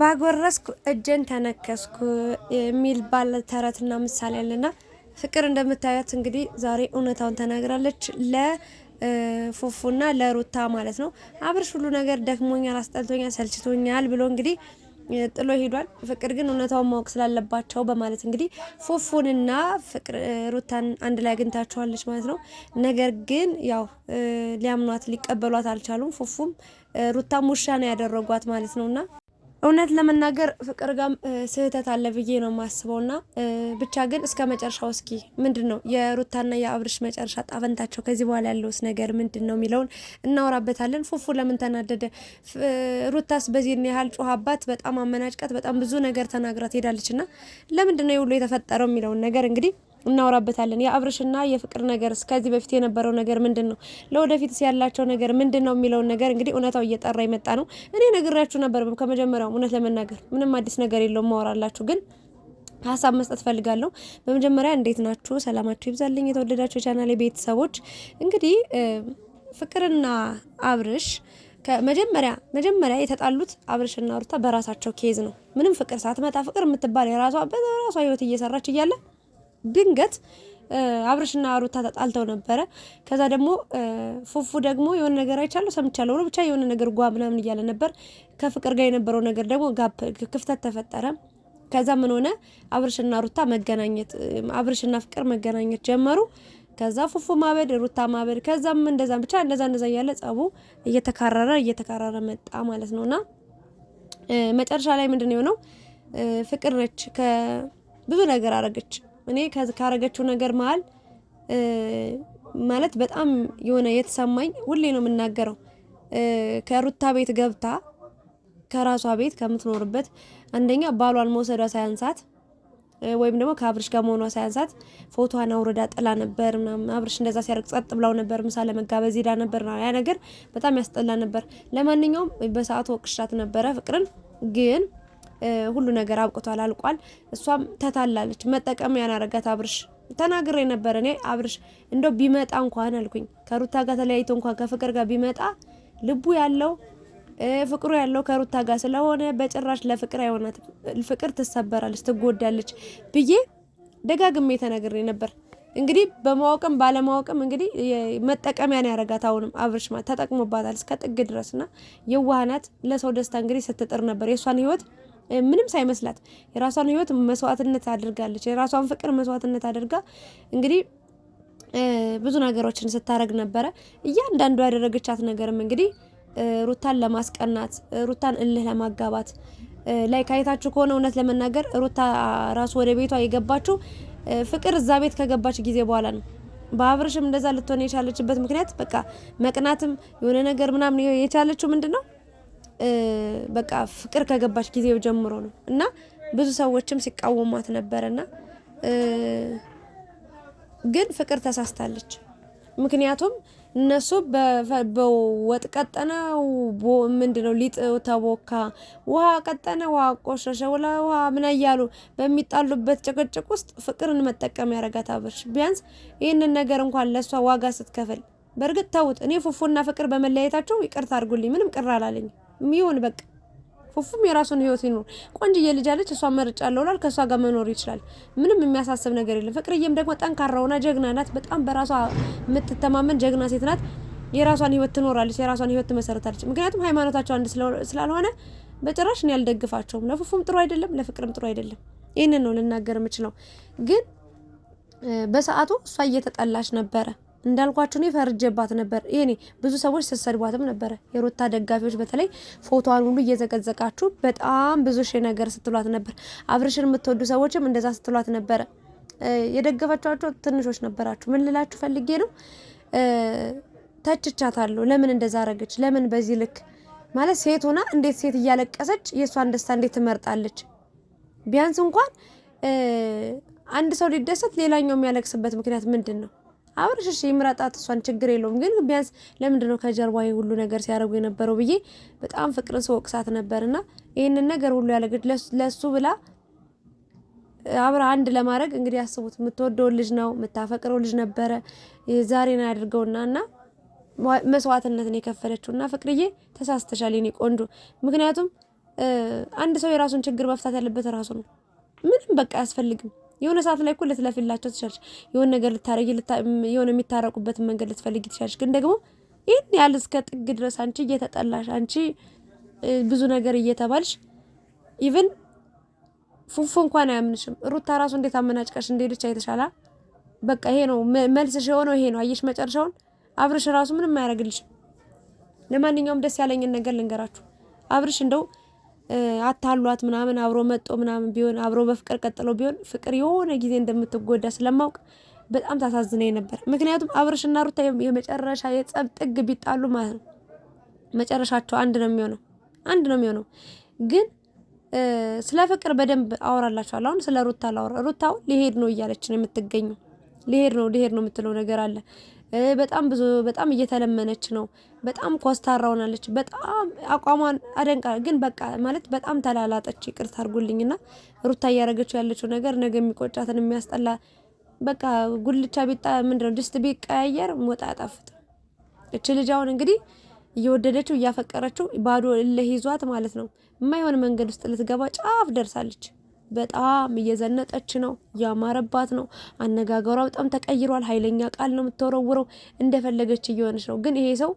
ባጎረስኩ እጄን ተነከስኩ የሚል ባለ ተረትና ምሳሌ አለና ፍቅር እንደምታያት እንግዲህ ዛሬ እውነታውን ተናግራለች ለፎፉና ለሩታ ማለት ነው። አብርሽ ሁሉ ነገር ደክሞኛል፣ አስጠልቶኛል፣ ሰልችቶኛል ብሎ እንግዲህ ጥሎ ሄዷል። ፍቅር ግን እውነታውን ማወቅ ስላለባቸው በማለት እንግዲህ ፉፉንና ፍቅር ሩታን አንድ ላይ አግኝታቸዋለች ማለት ነው። ነገር ግን ያው ሊያምኗት ሊቀበሏት አልቻሉም። ፉፉም ሩታም ውሻ ነው ያደረጓት ማለት ነውና እውነት ለመናገር ፍቅር ጋም ስህተት አለ ብዬ ነው የማስበው። ና ብቻ ግን እስከ መጨረሻው እስኪ ምንድን ነው የሩታና የአብርሽ መጨረሻ ጣፈንታቸው ከዚህ በኋላ ያለውስ ነገር ምንድን ነው የሚለውን እናወራበታለን። ፉፉ ለምን ተናደደ? ሩታስ በዚህን ያህል አባት በጣም አመናጭቃት፣ በጣም ብዙ ነገር ተናግራ ትሄዳለች። ና ለምንድን ነው የሁሉ የተፈጠረው የሚለውን ነገር እንግዲህ እናወራበታለን። የአብርሽና የፍቅር ነገር እስከዚህ በፊት የነበረው ነገር ምንድን ነው፣ ለወደፊት ያላቸው ነገር ምንድን ነው የሚለውን ነገር እንግዲህ እውነታው እየጠራ የመጣ ነው። እኔ ነግራችሁ ነበር ከመጀመሪያው። እውነት ለመናገር ምንም አዲስ ነገር የለውም ማወራላችሁ ግን ሀሳብ መስጠት ፈልጋለሁ። በመጀመሪያ እንዴት ናችሁ? ሰላማችሁ ይብዛልኝ የተወደዳችሁ የቻናሌ ቤተሰቦች። እንግዲህ ፍቅርና አብርሽ ከመጀመሪያ መጀመሪያ የተጣሉት አብርሽና ሩታ በራሳቸው ኬዝ ነው። ምንም ፍቅር ሳትመጣ ፍቅር የምትባል የራሷ በራሷ ህይወት እየሰራች እያለ ድንገት አብርሽና ሩታ ተጣልተው ነበረ። ከዛ ደግሞ ፉፉ ደግሞ የሆነ ነገር አይቻለሁ ሰምቻለሁ ብቻ የሆነ ነገር ጓ ምናምን እያለ ነበር። ከፍቅር ጋር የነበረው ነገር ደግሞ ጋፕ ክፍተት ተፈጠረ። ከዛ ምን ሆነ? አብርሽና ሩታ መገናኘት አብርሽና ፍቅር መገናኘት ጀመሩ። ከዛ ፉፉ ማበድ፣ ሩታ ማበድ፣ ከዛም እንደዛ ብቻ እንደዛ እንደዛ እያለ ጸቡ እየተካረረ እየተካረረ መጣ ማለት ነውና መጨረሻ ላይ ምንድን ነው የሆነው? ፍቅር ነች ከብዙ ነገር አረገች እኔ ካረገችው ነገር መሀል ማለት በጣም የሆነ የተሰማኝ ሁሌ ነው የምናገረው ከሩታ ቤት ገብታ ከራሷ ቤት ከምትኖርበት አንደኛ ባሏን መውሰዷ ሳያንሳት ወይም ደግሞ ከአብርሽ ጋር መሆኗ ሳያንሳት ፎቶዋን አውረዳ ጥላ ነበር ምናምን። አብርሽ እንደዛ ሲያደርግ ጸጥ ብላው ነበር፣ ምሳ ለመጋበዝ ሄዳ ነበር። ያ ነገር በጣም ያስጠላ ነበር። ለማንኛውም በሰዓቱ ወቅሻት ነበረ ፍቅርን ግን ሁሉ ነገር አብቅቷል፣ አልቋል። እሷም ተታላለች። መጠቀም ያናረጋት አብርሽ ተናግሬ ነበር እኔ አብርሽ እንደው ቢመጣ እንኳን አልኩኝ ከሩታ ጋር ተለያይቶ እንኳን ከፍቅር ጋር ቢመጣ ልቡ ያለው ፍቅሩ ያለው ከሩታ ጋር ስለሆነ በጭራሽ ለፍቅር አይሆናትም፣ ፍቅር ትሰበራለች፣ ትጎዳለች ብዬ ደጋግሜ ተናግሬ ነበር። እንግዲህ በማወቅም ባለማወቅም እንግዲህ መጠቀሚያን ያረጋት አሁንም አብርሽ ተጠቅሞባታል እስከ ጥግ ድረስ ድረስና የዋህናት ለሰው ደስታ እንግዲህ ስትጥር ነበር የእሷን ህይወት ምንም ሳይመስላት የራሷን ህይወት መስዋዕትነት አድርጋለች። የራሷን ፍቅር መስዋዕትነት አድርጋ እንግዲህ ብዙ ነገሮችን ስታደረግ ነበረ። እያንዳንዱ ያደረገቻት ነገርም እንግዲህ ሩታን ለማስቀናት ሩታን እልህ ለማጋባት ላይ ካየታችሁ ከሆነ እውነት ለመናገር ሩታ ራሱ ወደ ቤቷ የገባችው ፍቅር እዛ ቤት ከገባች ጊዜ በኋላ ነው። በአብርሽም እንደዛ ልትሆን የቻለችበት ምክንያት በቃ መቅናትም የሆነ ነገር ምናምን የቻለችው ምንድን ነው በቃ ፍቅር ከገባች ጊዜው ጀምሮ ነው እና ብዙ ሰዎችም ሲቃወሟት ነበረና ግን ፍቅር ተሳስታለች። ምክንያቱም እነሱ በወጥ ቀጠነው ምንድን ነው ሊጥ ተቦካ፣ ውሃ ቀጠነ፣ ውሃ ቆሸሸ፣ ውሃ ምን እያሉ በሚጣሉበት ጭቅጭቅ ውስጥ ፍቅርን መጠቀም ያረጋት አብርሽ። ቢያንስ ይህንን ነገር እንኳን ለእሷ ዋጋ ስትከፍል በእርግጥ ተውት። እኔ ፉፉና ፍቅር በመለያየታቸው ይቅርታ አድርጉልኝ፣ ምንም ቅር አላለኝም። ሚሆን በቃ ፉፉም የራሱን ህይወት ይኖር። ቆንጅዬ ልጅ አለች፣ እሷ መርጫለሁ እላለሁ። ከእሷ ጋር መኖር ይችላል። ምንም የሚያሳስብ ነገር የለም። ፍቅርዬም ደግሞ ጠንካራውና ጀግና ናት። በጣም በራሷ የምትተማመን ጀግና ሴት ናት። የራሷን ህይወት ትኖራለች፣ የራሷን ህይወት ትመሰረታለች። ምክንያቱም ሃይማኖታቸው አንድ ስላልሆነ በጭራሽ እኔ አልደግፋቸውም። ለፉፉም ጥሩ አይደለም፣ ለፍቅርም ጥሩ አይደለም። ይህንን ነው ልናገር የምችለው። ግን በሰዓቱ እሷ እየተጠላች ነበረ እንዳልኳችሁ ነው ፈርጀባት ነበር። ይሄኔ ብዙ ሰዎች ስትሰድቧትም ነበረ። የሩታ ደጋፊዎች በተለይ ፎቶዋን ሁሉ እየዘቀዘቃችሁ በጣም ብዙ ሺህ ነገር ስትሏት ነበር። አብርሽን የምትወዱ ሰዎችም እንደዛ ስትሏት ነበረ። የደገፋችኋቸው ትንሾች ነበራችሁ። ምን ልላችሁ ፈልጌ ነው ተችቻታለሁ። ለምን እንደዛ አረገች? ለምን በዚህ ልክ ማለት ሴት ሆና እንዴት ሴት እያለቀሰች የእሷን ደስታ እንዴት ትመርጣለች? ቢያንስ እንኳን አንድ ሰው ሊደሰት ሌላኛው የሚያለቅስበት ምክንያት ምንድን ነው? አብርሽ እሺ ይምረጣት፣ እሷን ችግር የለውም። ግን ቢያንስ ለምንድን ነው ከጀርባ ሁሉ ነገር ሲያደርጉ የነበረው ብዬ በጣም ፍቅርን ስወቅሳት ነበርና ይህንን ነገር ሁሉ ያለግድ ለሱ ብላ አብራ አንድ ለማድረግ እንግዲህ ያስቡት። የምትወደው ልጅ ነው የምታፈቅረው ልጅ ነበረ። ዛሬን ያድርገውና እና መስዋዕትነትን የከፈለችው እና ፍቅርዬ ተሳስተሻል የኔ ቆንጆ። ምክንያቱም አንድ ሰው የራሱን ችግር መፍታት ያለበት ራሱ ነው። ምንም በቃ አያስፈልግም። የሆነ ሰዓት ላይ እኮ ልትለፊላቸው ትችላለች። የሆነ ነገር ልታረጊ፣ የሆነ የሚታረቁበትን መንገድ ልትፈልጊ ትችላለች። ግን ደግሞ ይህን ያህል እስከ ጥግ ድረስ አንቺ እየተጠላሽ አንቺ ብዙ ነገር እየተባልሽ ኢቭን ፉፉ እንኳን አያምንሽም። ሩታ ራሱ እንዴት አመናጭቀሽ እንደሄደች አይተሻላ። በቃ ይሄ ነው መልስሽ፣ የሆነው ይሄ ነው። አየሽ መጨረሻውን። አብርሽ ራሱ ምንም አያደርግልሽም። ለማንኛውም ደስ ያለኝን ነገር ልንገራችሁ። አብርሽ እንደው አታሏት ምናምን አብሮ መጦ ምናምን ቢሆን አብሮ በፍቅር ቀጥሎ ቢሆን ፍቅር የሆነ ጊዜ እንደምትጎዳ ስለማውቅ በጣም ታሳዝነኝ ነበር። ምክንያቱም አብርሽና ሩታ የመጨረሻ የጸብ ጥግ ቢጣሉ ማለት ነው መጨረሻቸው አንድ ነው የሚሆነው፣ አንድ ነው የሚሆነው። ግን ስለ ፍቅር በደንብ አወራላችኋለሁ። አሁን ስለ ሩታ ላወራ። ሩታው ሊሄድ ነው እያለች ነው የምትገኘው። ሊሄድ ነው ሊሄድ ነው የምትለው ነገር አለ በጣም ብዙ በጣም እየተለመነች ነው። በጣም ኮስታራ ሆናለች። በጣም አቋሟን አደንቃ ግን በቃ ማለት በጣም ተላላጠች። ይቅርታ አድርጉልኝና ሩታ እያደረገችው ያለችው ነገር ነገ የሚቆጫትን የሚያስጠላ በቃ ጉልቻ ቢጣ ምንድነው ድስት ቢቀያየር ሞጣ አያጣፍጥም። እች ልጅ አሁን እንግዲህ እየወደደችው እያፈቀረችው ባዶ እልህ ይዟት ማለት ነው የማይሆን መንገድ ውስጥ ልትገባ ጫፍ ደርሳለች። በጣም እየዘነጠች ነው። ያማረባት ነው። አነጋገሯ በጣም ተቀይሯል። ኃይለኛ ቃል ነው የምትወረውረው። እንደፈለገች እየሆነች ነው። ግን ይሄ ሰው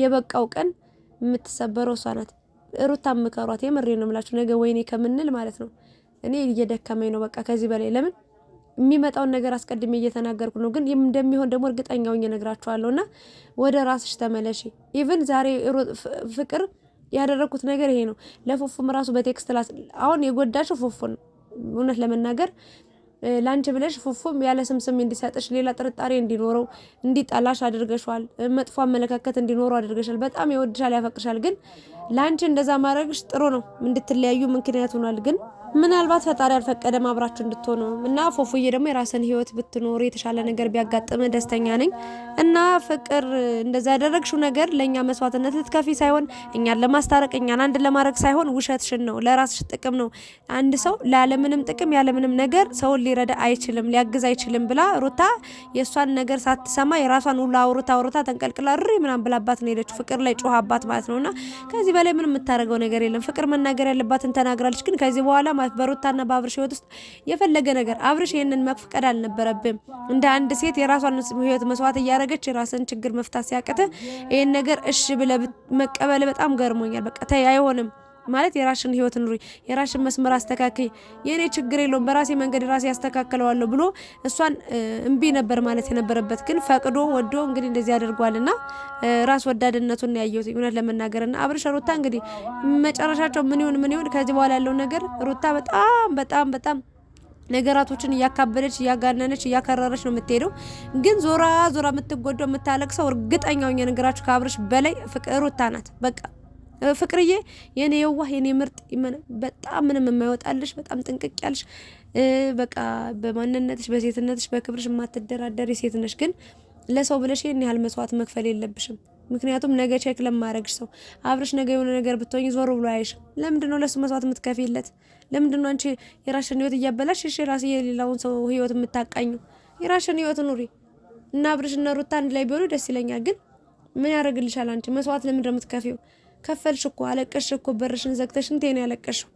የበቃው ቀን የምትሰበረው እሷ ናት። ሩታ ምከሯት። የምሬ ነው ምላችሁ ነገ ወይኔ ከምንል ማለት ነው እኔ እየደከመኝ ነው። በቃ ከዚህ በላይ ለምን የሚመጣውን ነገር አስቀድሜ እየተናገርኩ ነው፣ ግን እንደሚሆን ደግሞ እርግጠኛው እነግራችኋለሁ። እና ወደ ራስሽ ተመለሺ። ኢቭን ዛሬ ፍቅር ያደረግኩት ነገር ይሄ ነው። ለፎፎም ራሱ በቴክስት ላስ አሁን የጎዳሽው ፉፉን እውነት ለመናገር ላንቺ ብለሽ ፉፉም ያለ ስምስም እንዲሰጥሽ ሌላ ጥርጣሬ እንዲኖረው እንዲጠላሽ አድርገሻል። መጥፎ አመለካከት እንዲኖረው አድርገሻል። በጣም ይወድሻል፣ ያፈቅርሻል። ግን ላንቺ እንደዛ ማድረግሽ ጥሩ ነው። እንድትለያዩ ምክንያት ሆኗል ግን ምናልባት ፈጣሪ አልፈቀደም አብራችሁ እንድትሆኑ እና ፎፉዬ ደግሞ የራስን ህይወት ብትኖር የተሻለ ነገር ቢያጋጥም ደስተኛ ነኝ እና ፍቅር እንደዛ ያደረግሽው ነገር ለእኛ መስዋዕትነት ልትከፊ ሳይሆን እኛን ለማስታረቅ እኛን አንድ ለማድረግ ሳይሆን ውሸትሽን ነው፣ ለራስሽ ጥቅም ነው። አንድ ሰው ላለምንም ጥቅም ያለምንም ነገር ሰውን ሊረዳ አይችልም፣ ሊያግዝ አይችልም ብላ ሩታ የእሷን ነገር ሳትሰማ የራሷን ሁሉ አውርታ አውርታ ተንቀልቅላ ሪ ምናም ብላባት ነው ሄደችው። ፍቅር ላይ ጮሃባት አባት ማለት ነው እና ከዚህ በላይ ምንም የምታደርገው ነገር የለም። ፍቅር መናገር ያለባትን ተናግራለች። ግን ከዚህ በኋላ በሩታና በአብርሽ ህይወት ውስጥ የፈለገ ነገር አብርሽ ይህንን መፍቀድ አልነበረብም። እንደ አንድ ሴት የራሷን ህይወት መስዋዕት እያደረገች የራስን ችግር መፍታት ሲያቅት ይህን ነገር እሺ ብለህ መቀበል በጣም ገርሞኛል። በቃ ተይ አይሆንም ማለት የራሽን ህይወት ኑሪ፣ የራሽን መስመር አስተካክይ፣ የእኔ ችግር የለውም በራሴ መንገድ ራሴ ያስተካከለዋለሁ ብሎ እሷን እምቢ ነበር ማለት የነበረበት ግን ፈቅዶ ወዶ እንግዲህ እንደዚህ አድርጓልና ራስ ወዳድነቱን ያየሁት እውነት ለመናገርና አብርሽ ሩታ እንግዲህ መጨረሻቸው ምን ይሁን ምን ይሁን ከዚህ በኋላ ያለው ነገር ሩታ በጣም በጣም በጣም ነገራቶችን እያካበደች እያጋነነች እያከረረች ነው የምትሄደው። ግን ዞራ ዞራ የምትጎዳው የምታለቅሰው እርግጠኛው የነገራችሁ ከአብርሽ በላይ ፍቅር ሩታ ናት በቃ ፍቅርዬ የኔ የዋህ የኔ ምርጥ በጣም ምንም የማይወጣልሽ በጣም ጥንቅቅ ያልሽ በቃ በማንነትሽ በሴትነትሽ በክብርሽ የማትደራደሪ ሴት ነሽ። ግን ለሰው ብለሽ ይህን ያህል መስዋዕት መክፈል የለብሽም። ምክንያቱም ነገ ቼክ ለማድረግሽ ሰው አብረሽ ነገ የሆነ ነገር ብትሆኝ ዞር ብሎ አይሽ። ለምንድን ነው ለሱ መስዋዕት የምትከፊለት? ለምንድን ነው አንቺ የራሽን ህይወት እያበላሽ እሺ ራስ የሌላውን ሰው ህይወት የምታቃኙ? የራሽን ህይወት ኑሪ እና አብረሽ እና ሩታ አንድ ላይ ቢሆኑ ደስ ይለኛል። ግን ምን ያደርግልሻል? አንቺ መስዋዕት ለምንድን ነው የምትከፊው? ከፈልሽ እኮ አለቀሽ እኮ በርሽን ዘግተሽ እንዴ ነው ያለቀሽው።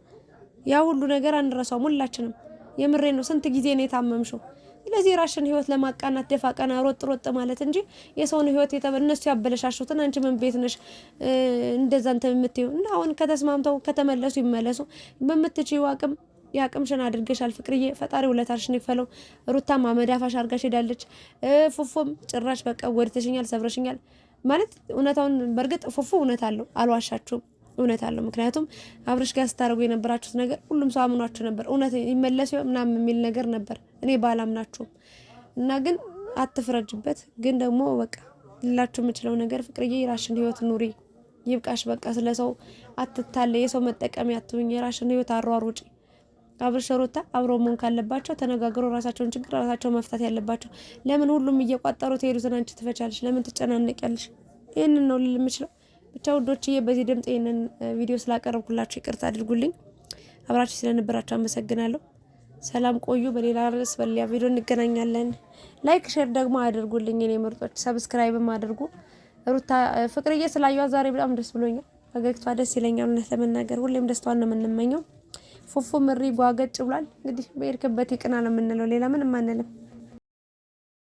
ያ ሁሉ ነገር አንረሳውም ሁላችንም። የምሬ ነው። ስንት ጊዜ ነው የታመምሽው? ስለዚህ ራሽን ህይወት ለማቃናት ደፋ ቀና ሮጥ ሮጥ ማለት እንጂ የሰውን ህይወት እነሱ ያበለሻሹትን አንቺ ምን ቤት ነሽ እንደዛ እንትን የምትይው እና አሁን ከተስማምተው ከተመለሱ ይመለሱ። በምትችይው አቅም የአቅምሽን አድርገሻል ፍቅርዬ። ፈጣሪ ውለታሽን ይክፈለው። ሩታማ መዳፋሽ አርጋሽ ሄዳለች። ፉፉም ጭራሽ በቃ ወድተሽኛል፣ ሰብረሽኛል። ማለት እውነታውን በእርግጥ ፉፉ እውነት አለው፣ አልዋሻችሁም፣ እውነት አለው። ምክንያቱም አብረሽ ጋር ስታደርጉ የነበራችሁት ነገር ሁሉም ሰው አምኗችሁ ነበር። እውነት ይመለስ ምናምን የሚል ነገር ነበር። እኔ ባላምናችሁም እና ግን አትፍረጅበት። ግን ደግሞ በቃ ልላችሁ የምችለው ነገር ፍቅርዬ የራሽን ህይወት ኑሪ፣ ይብቃሽ። በቃ ስለ ሰው አትታለ፣ የሰው መጠቀሚያ አትሁኝ፣ የራሽን ህይወት አሯሩጪ አብርሽ ሩታ አብሮ መሆን ካለባቸው ተነጋግሮ ራሳቸውን ችግር ራሳቸው መፍታት ያለባቸው። ለምን ሁሉም እየቋጠሩ ትሄዱትን አንቺ ትፈቻለሽ? ለምን ትጨናነቂያለሽ? ይህንን ነው ልል የምችለው። ብቻ ውዶችዬ፣ በዚህ ድምጽ ይህንን ቪዲዮ ስላቀረብኩላችሁ ይቅርታ አድርጉልኝ። አብራችሁ ስለነበራችሁ አመሰግናለሁ። ሰላም ቆዩ። በሌላ ርዕስ በሌላ ቪዲዮ እንገናኛለን። ላይክ ሼር ደግሞ አድርጉልኝ የኔ ምርጦች፣ ሰብስክራይብም አድርጉ። ሩታ ፍቅርዬ ስላዩ ዛሬ በጣም ደስ ብሎኛል። ፈገግቷ ደስ ይለኛል። እውነት ለመናገር ሁሌም ደስታዋን ነው የምንመኘው። ፉፉ ምሪ ጓገጭ ብሏል። እንግዲህ በሄድክበት ይቅና ነው የምንለው፣ ሌላ ምንም አንልም።